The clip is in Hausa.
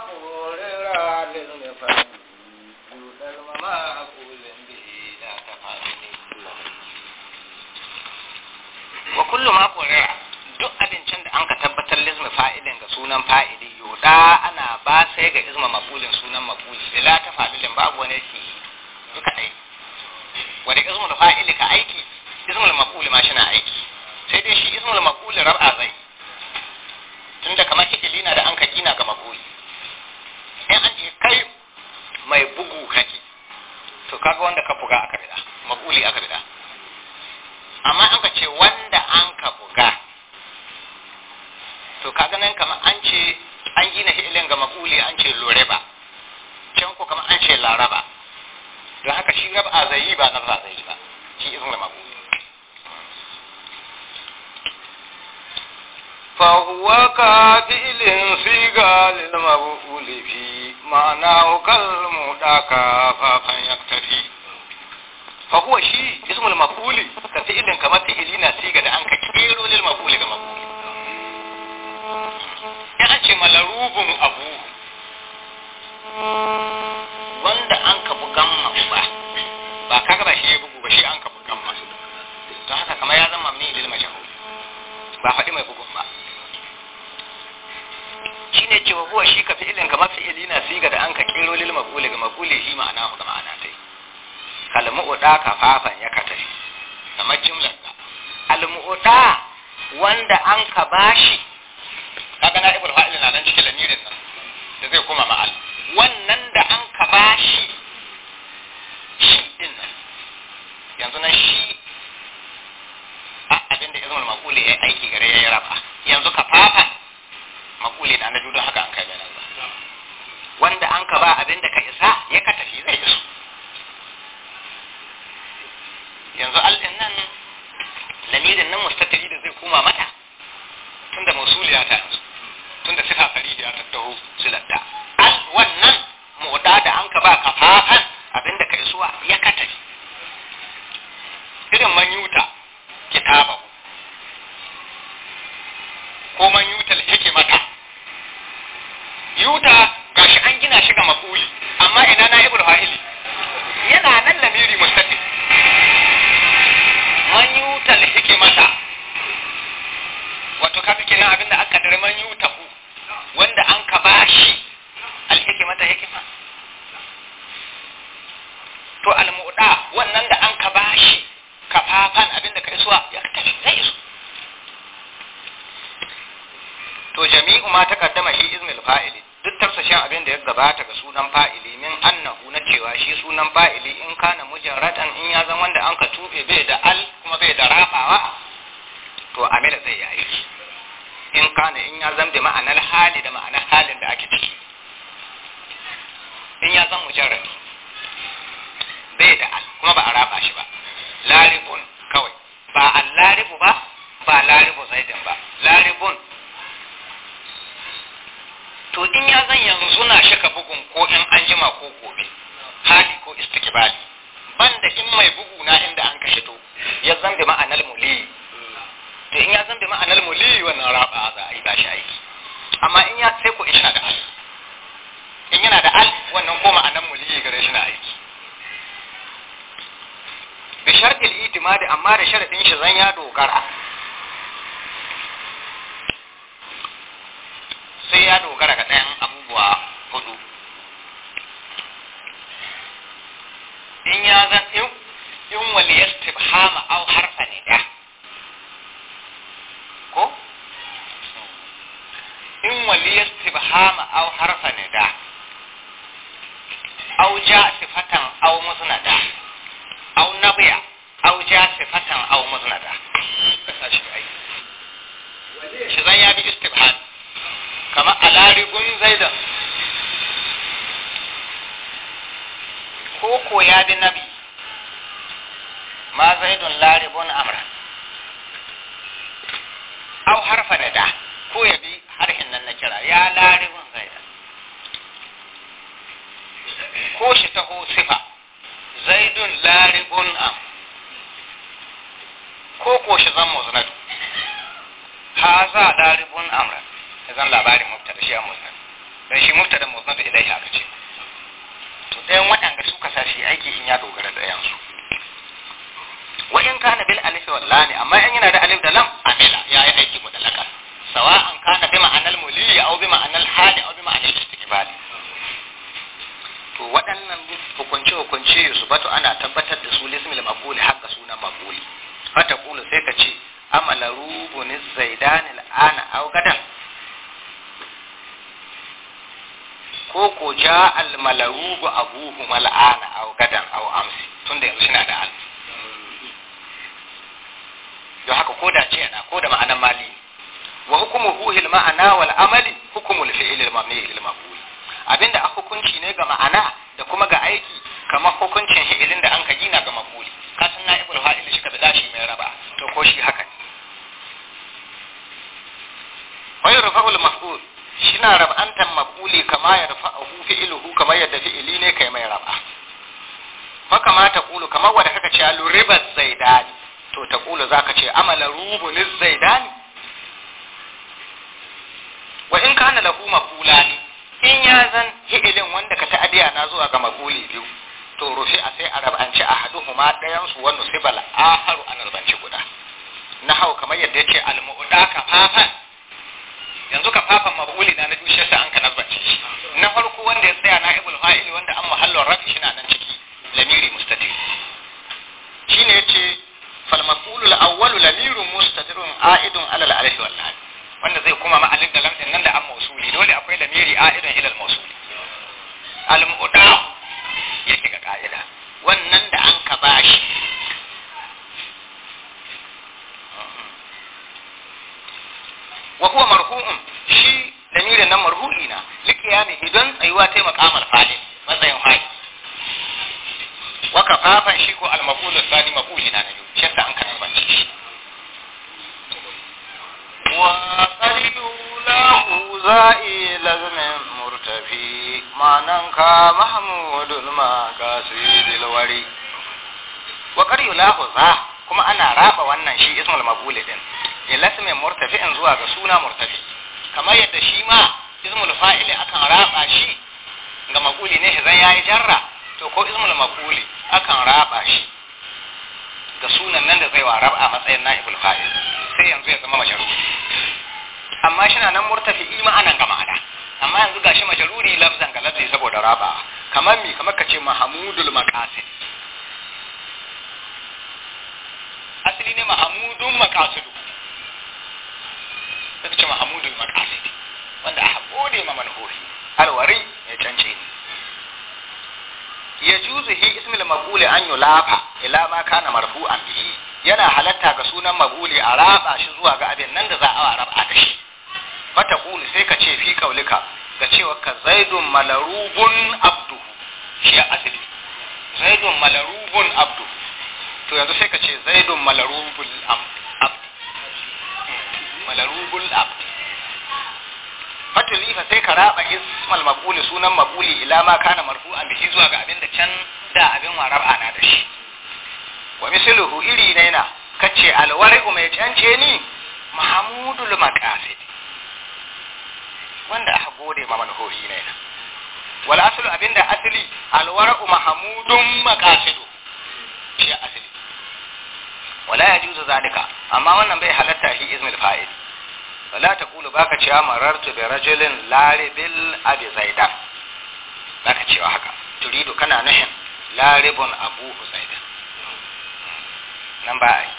قول راد لفن يوصل duk abincin da an ka tabbatar lizmi fa'idin ga sunan fa'ili yoda ana ba sai ga izma maƙulin sunan mafuli bila ta fa'ilin babu wani shi duka dai wani izmul fa'ili ka aiki izmul maƙuli ma shi na aiki sai dai shi izmul mafuli rab'a zai tunda kamar kikili na da an ka kina ga mafuli sai kai mai bugu kaki to kaga wanda ka buga aka rida maguli aka rida amma an ka ce wanda an ka buga to kaga nan kama an ce an gina hilin ga maguli an ce ba can ko kama an ce laraba don haka shi na a zai ba na zai ba shi izin da maguli فهو كافئ صيغة للمبؤول فيه معناه كالمداك فافا يكتفي فهو شيء اسم المفعول كفعل كما تهلينا سيغا عنك انك كيرو للمفعول كما مفعول sai ce huwa shi ka fi'ilin ga mafi'ili na siga da an ka kero lil ga shi ma'ana ga ma'ana ka fafan ya ka wanda an ka ibul na nan cikin lamirin nan da zai ma'al wannan da an ka bashi shi din nan yanzu shi a abinda izmul maquli ya aiki gare ya yanzu ka fafa complain an judo haka an kai mai nan wanda an ka ba abin da ka isa ya ka tafi zai isu yanzu al'in nan lamirin nan mustatiri da zai koma mata tun da masuliya ta yanzu tun da sifa faridiya ta taho silatta al wannan moda da an ka ba kafafan abin da ka isuwa ya ka tafi irin manyuta kitaba ko manyutal hikimata yuta gashi an gina shi ga mafuli amma ina na ibul fa'ili yana nan lamiri mustaqil man yuta hikimata wato kaga kenan abinda an kaddara man yuta wanda an ka bashi al hikimata hikima to almuda wannan da an ka bashi kafafan abinda ka suwa ya tafi zai su. to jami'u ma takaddama shi izmil fa'ili duk tafsashin abin da ya gabata ga sunan fa'ili min annahu na cewa shi sunan fa'ili in kana mujarradan in ya zama wanda an ka tube bai da al kuma bai da rafawa to amila zai yayi in kana in ya zama da ma'anar hali da ma'anar halin da ake ciki in ya zama mujarrad bai da al kuma ba a rafa shi ba laribun kawai ba al laribu ba ba laribu zaidan ba laribun to in ya zan yanzu na shaka bugun ko in an jima ko gobe hali ko istikbali banda in mai bugu na inda an kashe to ya zan bi ma'anar muli to in ya zan bi ma'anar muli wannan raba za a yi ba shi aiki amma in ya sai ko in yana da al in yana da al wannan ko ma'anar muli gare shi na aiki bi shartil itimadi amma da sharadin shi zan ya dogara sai ya dogara ga ɗayan abubuwa hudu in ya zan in waliyar tibhama au harfa ne da ko in waliyar tibhama au harfa ne da au ja sifatan au musna da, au nabiya au ja sifatan au musnada shi zan kama alarikun zaidan ko ko ya bi nabi ma zaidun laribun amra au harfa na da ko ya bi harshen nan na kira ya laribun zaidan ko shi taho sifa zaidun laribun am ko ko shi zan muznadu haza laribun amra zan labarin zuciya musnad dan shi mubtada musnad ilaihi aka ce to ɗayan waɗanda suka sashi aiki in ya dogara da yansu su wa in kana bil alif wal lam amma in yana da alif da lam amila ya yi aiki mu da laka sawa an kana bi ma'anal mulili aw bi ma'anal hali aw bi ma'anal istiqbali to waɗannan hukunce hukunce su ba to ana tabbatar da su lismi ja almalarubu abuhu mal'ana a gadan au amsi tun da yanzu shi na da al don haka ko da ce yana ko da ma'anan mali wa hukumu huhil ma'ana wal amali hukumul fi'il mabni lil maf'ul abinda a hukunci ne ga ma'ana da kuma ga aiki kamar hukuncin fi'ilin da an ka gina ga maf'uli Kasan na na'ibul fa'il shi ka da shi mai raba to ko shi haka ne wa yarfa'ul maf'ul Ina rab'antan makuli kama ya fi iluhu kama yadda fi'ili ne kai mai rab'a fa kama ta kama wanda kaka ce alu zaidani to ta za zaka ce amala rubun zaidani wa in kana lahu maf'ulani in ya zan fi'ilin wanda ka ta'adiya na zuwa ga makuli biyu to rufi a sai a rab'anci kuma dayan su wa nusibal aharu an rab'anci guda Na hau kamar yadda ya yace al muudaka fafan yanzu ka fafa mabuli na na biyu shi an ka nazarce shi na farko wanda ya tsaya na ibul fa'ili wanda an muhallon rafi shi na nan ciki lamiri mustatir shine yace fal mas'ulul awwalu lamirun mustatirun a'idun alal alfi wal hal wanda zai kuma ma'alin da lamsin nan da an mausuli dole akwai lamiri a'idun ilal mausuli al mu'da yake ga ka'ida wannan da an ka bashi maqamal fa'il matsayin fa'il wa kafafan shi ko al-maf'ul sani maf'ulin na biyu shi ta an ba. ambace shi wa qalilu lahu za'i lazim murtafi manan ka mahmudul maqasidil wari wa qalilu lahu za kuma ana raba wannan shi ismul maf'ul din murtafi murtafi'in zuwa ga suna murtafi kamar yadda shi ma ismul fa'ili akan raba shi ga makuli ne idan ya yi jarra to ko ismul makuli akan raba shi ga sunan nan da zai wa raba matsayin na na'ibul fa'il sai yanzu ya zama majaruri amma shi na nan murtafi ma'anan ga ma'ana amma yanzu gashi majaruri lafzan ga lafzi saboda raba kamar mi kamar kace mahamudul maqasid asali ne mahamudun maqasidu ce mahamudul maqasid wanda a hakuri ma manhuri alwari ya canci. yajuzu hi ismil maquli an yulafa ila ma kana marfu'an bihi yana halatta ga sunan maquli a raba shi zuwa ga abin nan da za a raba da shi fata qulu sai ka ce fi kaulika ga cewa ka zaidun malarubun Abdu shi a asali zaidun malarubun Abdu. to yanzu sai ka ce zaidun malarubun Abdu. Hmm. Malarubun Abdu. fatulifa sai ka raba ismal maquli sunan maquli ila ma kana marfu'an bihi zuwa ga abin da can da abin wa rab'a na da shi wa misluhu iri ne na kace alwar'u mai cance ni mahmudul maqasid wanda aka gode ma manhohi ne na wal aslu abinda asli alwar'u mahmudun maqasid shi asli wala yajuzu zalika amma wannan bai halatta shi ismul fa'il فلا تقول باك تشا مررت برجل لارب ابي زيد باك تشا هكا تريد كنا نحن لارب ابو زيد نمبر 8